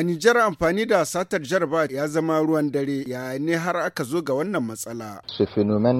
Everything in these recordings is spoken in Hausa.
A Nijar amfani da satar jaraba ya zama ruwan dare ya ne har aka zo ga wannan matsala.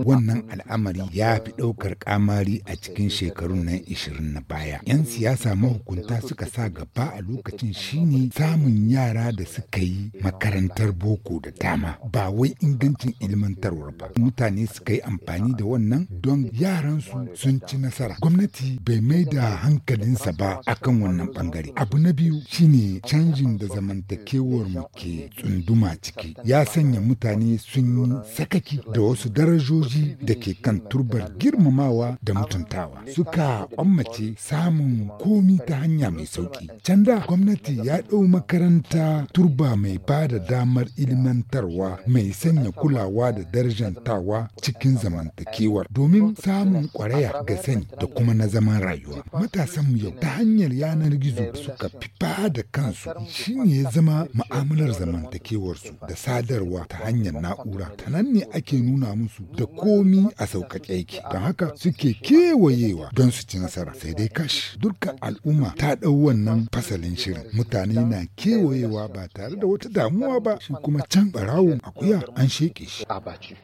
Wannan al'amari ya fi ɗaukar kamari a cikin shekarun nan ishirin na baya. 'Yan siyasa mahukunta suka sa gaba a lokacin shine samun yara da suka yi makarantar boko da dama ba wai ingancin ilmantarwar ba. Mutane suka yi amfani da wannan don yaran su sun ci nasara. Gwamnati bai mai da hankalinsa ba akan wannan bangare. Abu na biyu shine canjin da zama zamantakewar mu ke tsunduma ciki ya sanya mutane sun yi sakaki da wasu darajoji da ke kan turbar girmamawa da mutuntawa suka ƙwammace samun komi ta hanya mai sauki can gwamnati ya ɗau makaranta turba mai ba da damar ilimantarwa mai sanya kulawa da darajantawa cikin zamantakewar domin samun ƙwaraya ga sani da kuma na zaman rayuwa matasanmu yau ta hanyar yanar gizo suka fi ba da kansu shine ya zama ma'amalar zamantakewarsu da sadarwa ta hanyar na'ura ta nan ne ake nuna musu da komi a sauƙaƙe yake don haka suke kewayewa don su ci nasara sai dai kash dukkan al'umma ta ɗau wannan fasalin shirin mutane na kewayewa ba tare da wata damuwa ba shi kuma can ɓarawun akuya an sheƙe shi.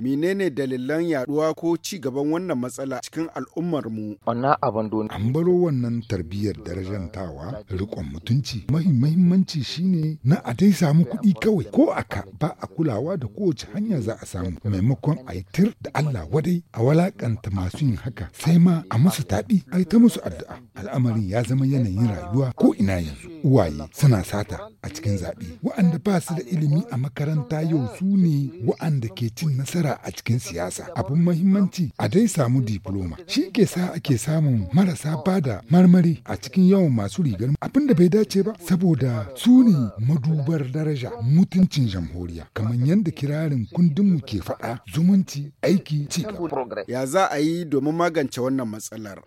Menene dalilan yaɗuwa ko ci gaban wannan matsala cikin al'ummar mu? An baro wannan tarbiyyar darajantawa riƙon mutunci mahimmanci shine ne na a dai samu kuɗi kawai ko aka ba a kulawa da kowace hanya za a samu maimakon a tir da Allah wadai a walakanta masu yin haka sai ma a musu taɗi a ta musu addu'a. al'amarin ya zama yanayin rayuwa ko ina yanzu uwaye suna sata a cikin zaɓe wa'anda ba su da ilimi a makaranta yau su ne wa'anda ke cin nasara a cikin siyasa abin mahimmanci a dai samu diploma shi ke sa ake samun marasa bada marmari a cikin yawan masu rigar abin da bai dace ba saboda su ne madubar daraja mutuncin jamhuriya kamar yadda kirarin kundinmu ke faɗa zumunci aiki ci gaba ya za a yi domin magance wannan matsalar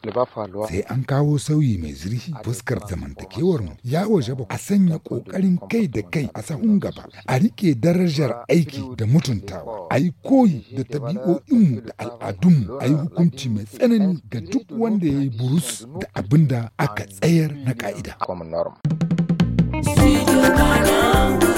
sai an kawo sauyi mai zurfi fuskar zamantakewar mu ya waje ba a sanya kokarin kai da kai a sahun gaba a rike darajar aiki da mutuntawa a yi koyi da mu da al'adunmu a yi hukunci mai tsanani ga duk wanda ya yi burus da abinda aka tsayar na ka'ida. you.